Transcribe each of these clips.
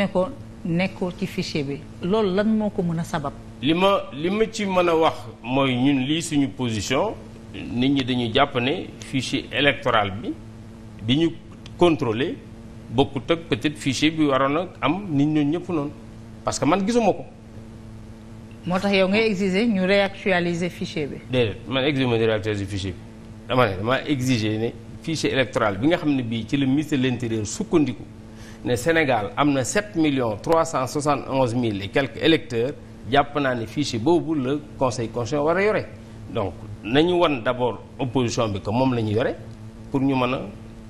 ne ko nekkoo ci fichier bi loolu lan moo ko mën a sabab. li ma li ma ci mën a wax mooy ñun lii suñu position nit ñi dañuy jàpp ne fichier électoral bi bi ñu contrôler bokkut ak peut-être fichier bi waroon a am nit ñooñu ñëpp noonu parce que man gisuma ko. moo tax yow ngay exiger ñu réactualiser fichier bi. déedéet man exiger ma ñu réactualiser fichier bi dama ne dama ne fichier électoral bi nga xam ne bii ci la ministre de l'intérieur sukkandiku. ne Sénégal am na million 7 millions 371 mille et quelques électeurs jàpp naa ne fichier boobu la conseil constitutionnel war a yore donc nañu wan d' abord opposition bi que moom la ñu yore pour ñu mën a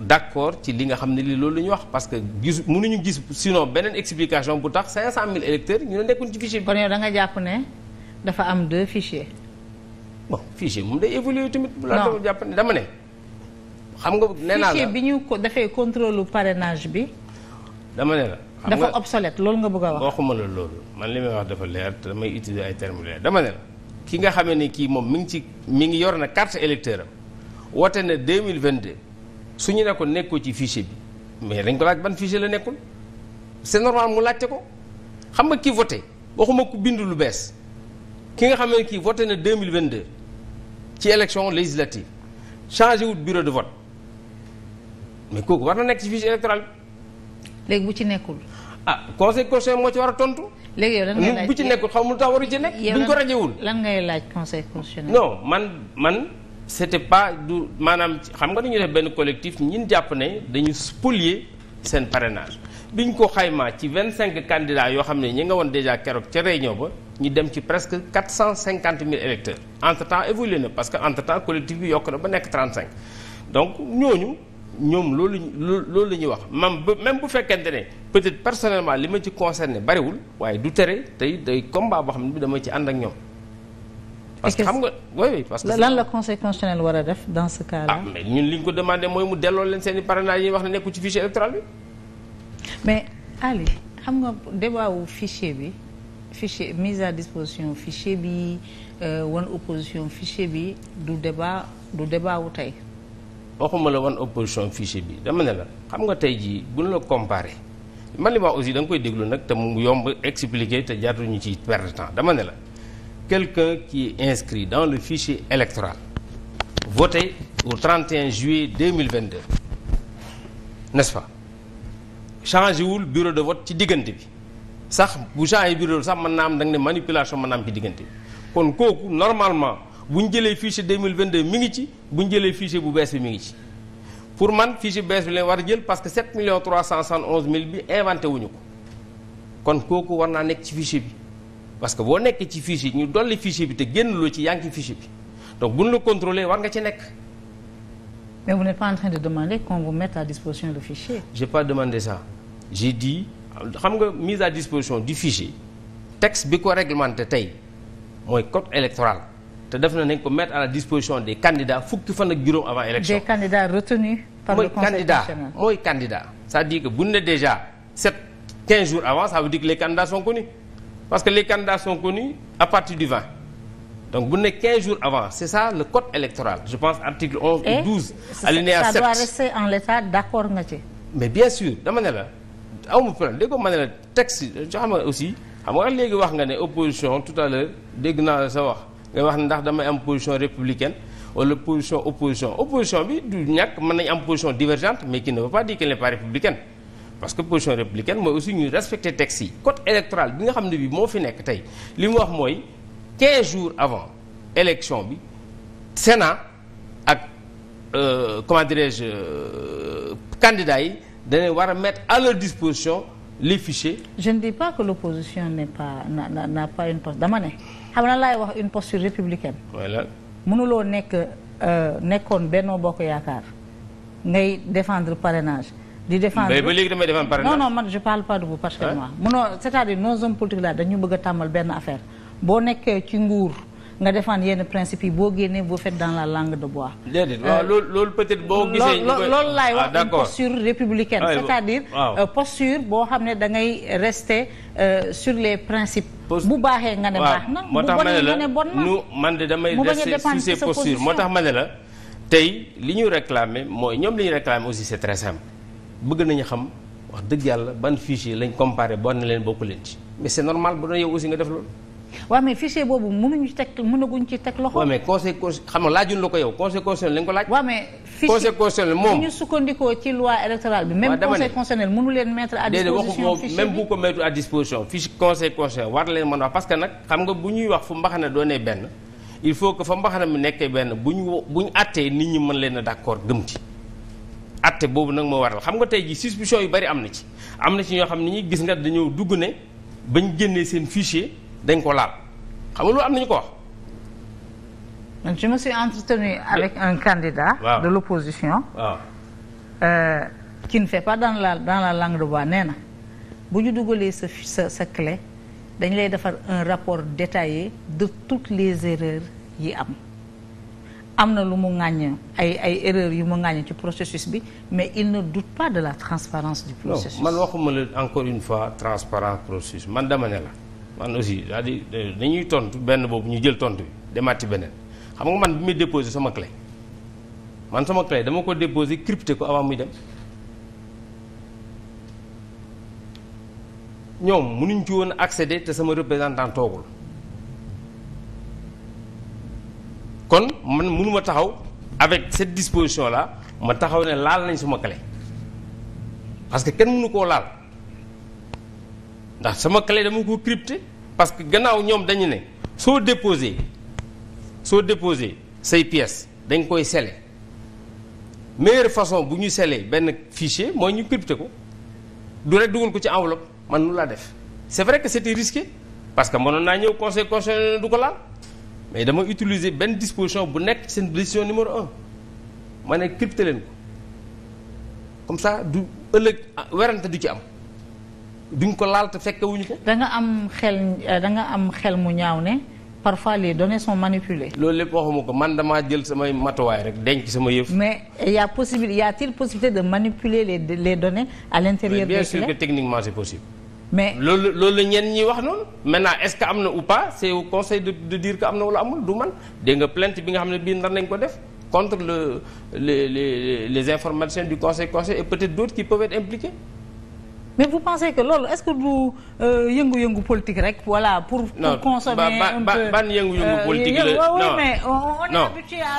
d' accord ci li nga xam ne lii loolu la ñu wax parce que gis ñu gis sinon beneen explication bu tax 500000 électeurs ñu ne nekkuñ ci fichier bi. kon yow da nga jàpp ne dafa am deux fichiers. bon fichier moom day évoluer tamit. bu la jàpp ne dama ne. nga nee naa la fichier bi ñu ko bi. dama ne la. dafa obsolète loolu nga bëgg a wax. waxuma la loolu man li may wax dafa leer te damay utiliser ay termes dama ne la ki nga xamee ne kii moom mi ngi ci mi ngi yor na carte électeur am woote na 2022 su ñu ne ko nekkoo ci fichier bi mais dañ ko laaj ban fichier la nekkul c'est normal mu laajte ko xam nga kii voté waxuma ku bind lu bees ki nga xam ne kii voté na 2022 ci élection législative changé wut bureau de vote léegi bu ci nekkul. ah conseil constitutionnel moo ci war a tontu. léegi yow lan ngay laaj bu ci nekkul xaw ma lu tax waru ci nekk. duñ ko rajewul lan ngay laaj conseil constitutionnel. non man man c'était pas du maanaam xam nga dañu def benn collectif ñin jàpp ne dañu spolier seen parrainage biñ ko xaymaa ci vingt cinq candidats yoo xam ne ñu nga woon déjà keroog ca réunion ba ñu dem ci presque quatre cent cinquante mille électeurs entre temps évolué na parce que entre temps collectif bi yokk na ba nekk trente cinq ñoom loolu loolu la ñuy wax mam même bu fekkente ne peut-être personnellement li ma ci concerné bariwul waaye du tere tey day combat boo xam ne bi dama ci ànd ak ñoom. parce que xam nga oui oui parce que. lan la conseil constitutionnel war a def dans ce cas là. Ah, mais li ñu ko demandé mooy mu leen seen i parrainage wax ne nekku ci fichier électoral bi. mais Ali xam nga débat wu fichier bi fichier mise à disposition fichier bi euh, woon opposition fichier bi du débat du débat wu tey. waxuma la wan opposition fichier bi dama ne la xam nga tey jii buñ la comparé man li ma aussi da nga koy déglu nag te mu yomb expliquer te jaatu ñu ci perdre temps dama ne la quelqu'un qui est inscrit dans le fichier électoral voté au 31 juillet 2022 n'est-ce pas changé wul bureau de vote ci diggante bi sax bu changé bureau sax mën naa am da nga ne manipulation mën naa am ci diggante bi kon kooku normalement bu ñu jëlee fichier 2022 mi ngi ci bu ñu jëlee fichier bu bees bi mu ngi ci pour man fichier bu bees bi lañ war a jël parce que 7 millions 371 mille bi inventé wuñu ko kon kooku war naa nekk ci fichier bi parce que boo nekkee ci fichier ñu dolli fichier bi te génn loo ci yaa ngi ci fichier bi donc bu ñu la contrôler war nga ci nekk. mais vous n'êtes pas en train de demander qu'on vous mette à disposition le fichier. j'ai pas demandé ça j'ai dit xam nga mise à disposition du fichier texte bi ko réglementé tey mooy code électoral. te def na nañ ko mettre à la disposition des candidats fukki fan ak juróom avant élection. des candidats retenus par le conseil constitutionnel mooy candidat cest dire que bu ne déjà sept quinze jours avant ça veut dire que les candidats sont connus parce que les candidats sont connus à partir du 20 donc bu ne 15 jours avant c'est ça le code électoral je pense article 11 et ou 12 alinéa 7 ça doit rester en l'état d'accord nga ci mais bien sûr dama ne la awma problème dégg ko ma ne la texte yoo aussi xam nga léegi wax nga ne opposition tout dégg naa la nga wax na ndax damay am position républicaine wala position opposition opposition bi du ñàkk mën nañ am position divergente mais qui ne veut pas dire qu'elle n'est républicaine parce que position républicaine mooy aussi ñuy respecter texte yi code électoral bi nga xam ne bi moo fi nekk tey li mu wax mooy 15 jours avant élection bi Sénat ak euh, comment dirais-je euh, yi dañu war a mettre à leur disposition les fichiers. je ne dis pas que l'opposition n'est pas n'a n'a pas une posture dama ne xam na laay wax une posture républicaine. voilà mënuloo nekk euh, nekkoon Benno Bokk Yaakaar ngay défendre parrainage. di défendre mais ba léegi damay défendre parrainage. non non man je parle pas de vous. parce que moi mënoo c'est-à-dire nos hommes politiques là dañu bëgg a tàmmal benn affaire boo nekkee ci nguur. nga défendre yenn principe yi boo génnee boo fait dans la langue de bois. déedéet euh, waaw loolu loolu peut boo. gisee ñu koy loolu laay wax ah, une euh, posture boo xam ne da ngay rester euh, sur les principes. bu baaxee nga ne baax na. moo tax ma ne la nu man de damay rester sur ces postures moo tax ma la. tey li ñuy réclamer mooy ñoom li ñu réclamer aussi c'est très simple bëgg nañu xam. wax dëgg yàlla ban fichier lañ comparé boo ne leen bokku leen ci mais c'est normal bu doon yow aussi nga def loolu waaw mais fichier boobu mënuñu ci teg mënaguñ ci teg loxo. waaw mais conseil conseil xam nga laajuñ la ko yow conseil constitutionnel ko laaj. waaw mais fichier conseil constitutionnel moom bu ñu sukkandikoo ci loi électorale bi. leen mettre à disposition. fichier même bu ko mettre à disposition fichier conseil constitutionnel war leen mën a wax parce que nag xam nga bu ñuy wax fu mbaxana doonee benn il faut que fa mbaxane mi nekkee benn bu ñu bu ñu àttee nit ñi mën leen a d'accord gëm ci. atte boobu nag moo waral xam nga tey jii suspicion yu bari am na ci am na ci ñoo xam ni ñuy gis nga dañoo dugg ne bañ génnee seen fichier dañ ko laal xam nga loolu am nañu ko wax. man je me suis entretenu avec un candidat. Wow. de l'opposition waaw. Euh, qui ne pas dans la dans la langue de bois nee na bu ñu dugalee sa sa sa clé dañu lay defar un rapport détaillé de toutes les erreurs yi am. am na lu mu ŋàññ ay ay erreurs yu mu ŋàññ ci processus bi mais il ne doute pas de la transparence du processus. non man waxuma la encore une fois transparence processus man dama ne la. man aussi à dire dañuy tontu benn boobu ñu jël tontu bi demaati beneen xam nga man bi muy déposé sama clé man sama clé dama ko déposé crypté ko avant muy dem ñoom mënuñ ci woon accédé te sama représentant toogul kon man mënuma taxaw avec cette disposition la ma taxaw ne laal nañ sama clé parce que kenn mënu koo laal ndax sama clé dama ko crypté parce que gannaaw ñoom dañu ne soo déposé soo déposé say pièces dañ koy sceller meilleure façon bu ñu selee benn fichier mooy ñu crypter ko du rek dugal ko ci enveloppe man nu laa def c'est vrai que c'était risqué parce que mënoon naa ñëw conseil constitutionnel du ko laal mais dama utiliser benn disposition bu nekk seen décision numéro un ma ne crypter leen ko comme ça du ëllëg ah, werante du ci am duñ ko laal te fekke wuñu ko. da nga am xel eh, da nga am xel mu ñaaw ne parfois les données sont manipulées. loolu lépp waxuma ko man damaa jël samay matuwaay rek denc sama yëf. mais y a possibilité y possibilité de manipuler les les données à l'intérieur des bien sûr que techniquement c'est possible. mais loolu loolu la ñi wax noonu maintenant est-ce que am na ou pas c'est au conseil de de dire am na wala amul du man dégg nga plainte bi nga xam ne bii ndar nañ ko def contre le les les les informations du conseil conseil et mais vous pensez que loolu est-ce que du euh, yëngu-yëngu politique rek voilà pour. pour consommer un peu ban yëngu-yëngu euh, politique la non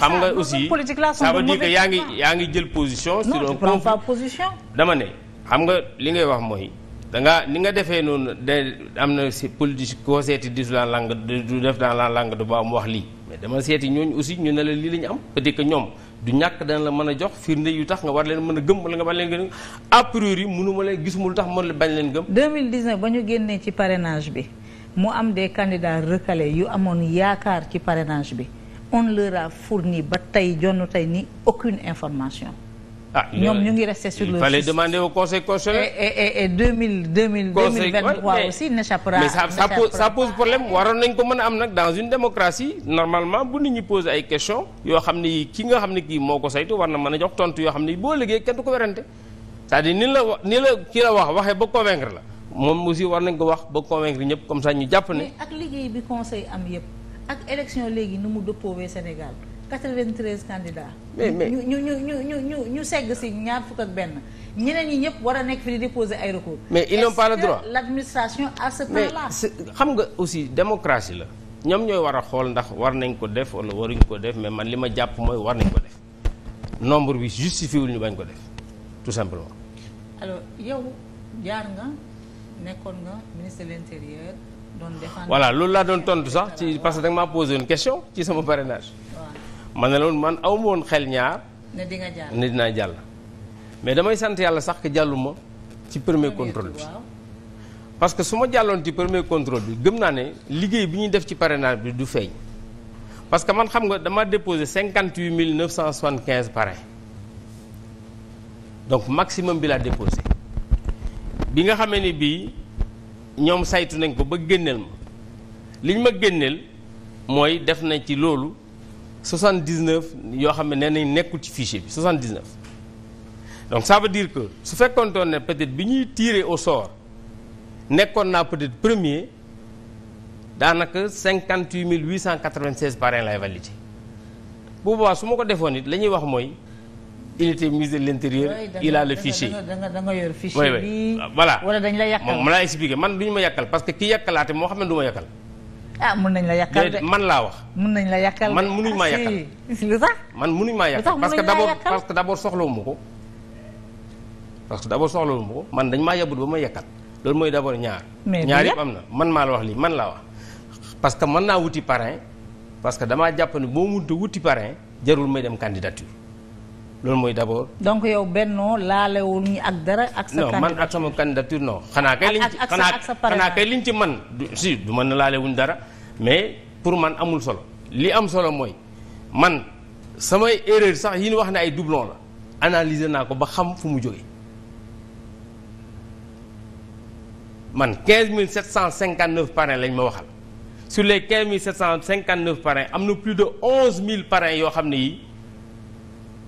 xam nga aussi politique la dire que yaa ngi yaa ngi jël position. sur un conflit non tu pas position. dama ne xam nga li ngay wax mooy. da nga ni nga defee noonu de am na si politique koo seeti dis la langue du def dans la langue de bois mu wax lii mais dama seeti ñooñu aussi ñu ne la lii la ñu am peut-être que ñoom du ñàkk dana la mën a jox firnde yu tax nga war leen mën a gëm wala nga bañ leen gëm a priori mënuma leen gisuma lu tax mën la bañ leen gëm. 2019 ba ñu génnee ci parrainage bi mu am des candidats recalés yu amoon yaakaar ci parrainage bi on leur a fourni ba tey jonn tey ni aucune information. ah ñoom ñu ngi resté sur le. il fallait demander au conseil constitutionnel. et et et deux mille deux mille. conseil vingt trois aussi n'échappera. mais ça ça pose ça pose problème waroon nañ ko mën a am nag dans une démocratie normalement bu nit ñi pose ay questions yoo xam ni ki nga xam ne kii moo ko saytu war na mën a jox tontu yoo xam ni boo liggéey kenn du ko werante c'est-à-dire ni la ni la ki la wax waxee ba convaincre la moom aussi war nañ ko wax ba convaincre ñëpp comme ça ñu jàpp ne. mais ak liggéey bi conseil am yëpp ak élection léegi nu mu dëppoowee Sénégal. 93 candidats. mais mais ñu ñu ñu ñu ñu ñu segg si ñaar fukk ak benn ñeneen ñi ñëpp war a nekk fi di déposer ay recours. mais ils n'ont pas le droit est-ce aussi démocratie la ñoom ñooy war a xool ndax war nañ ko def wala waruñ ko def mais man li ma jàpp mooy war nañ ko nombre bi justifié wul ñu bañ ko def tout simplement. yow jaar nga nekkoon nga ministre de loolu laa doon sax ci parce que da nga maa question ci sama parrainage. ma ne loolu man aw woon xel ñaar. ne jàll dinaa jàll. mais damay sant yàlla sax que jàlluma ci premier contrôle bi. parce que su ma jàlloon ci premier contrôle bi gëm naa ne liggéey bi ñuy def ci pare parrainage bi du feeñ. parce que man xam nga dama déposé cinquante huit mille neuf cent soixante quinze parrain donc maximum bi laa déposé bi nga xamee ni bii ñoom saytu nañ ko ba génneel ma li ñu ma génneel mooy def na ci loolu dix 79 yoo xam ne nee nañ nekkul ci fichier bi 79 donc ça veut dire que su fekkoontoon ne peut-être bi ñuy tiire au sort nekkoon naa peut-être premier daanaka 58 896 parrain lay validé bu boobaa su ma ko defoon it la ñuy wax mooy il était ministre de l'intérieur oui, il a le fichier moom ma laa expliqué man du ñu ma yàkkal parce que ki yàkkalaate moo xam ne du ma yàkkal ah mun nañ la yàqal de man laa wax. mun nañ la yàqal man munuñ maa ah, yàqal si lu tax. man munuñ maa yàqal parce que d'abord parce que d'abord soxlawu ma ko. parce que d'abord soxlawu ma ko man dañ maa yabut ba ma yàqal loolu mooy d'abord ñaar. ñaar yëpp am na man maa la wax lii man laa wax. parce que mën naa wuti parrain parce que damaa jàpp ne boo munti wuti parrain jarul may dem candidature. loolu mooy d' abord. donc yow bennoo laalewul ñu ak dara. ak sa candidature non man ak sama candidature non. xanaa kay liñ ci xanaa kay liñ ci man si du mën na laalewuñ dara mais pour man amul solo li am solo mooy man samay erreur sax yi ñu wax na ay doublon la analyser naa ko ba xam fu mu jógee man mille 15 759 parrains lañ ma waxal sur les 15 759 parrains am na plus de 11 mille parrains yoo xam ne yi.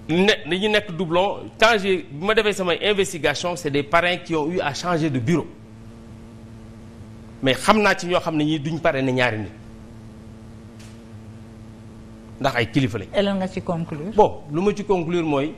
ne dañu nekk doublon quand j'ai bi ma defee samay investigation c'est des parrains qui ont eu à changer de bureau mais xam naa ci ñoo xam ne ñii duñ pare ne ñaari nit ndax ay kilifa lañ. lan nga ci conclure. bon lu ma ci conclure mooy.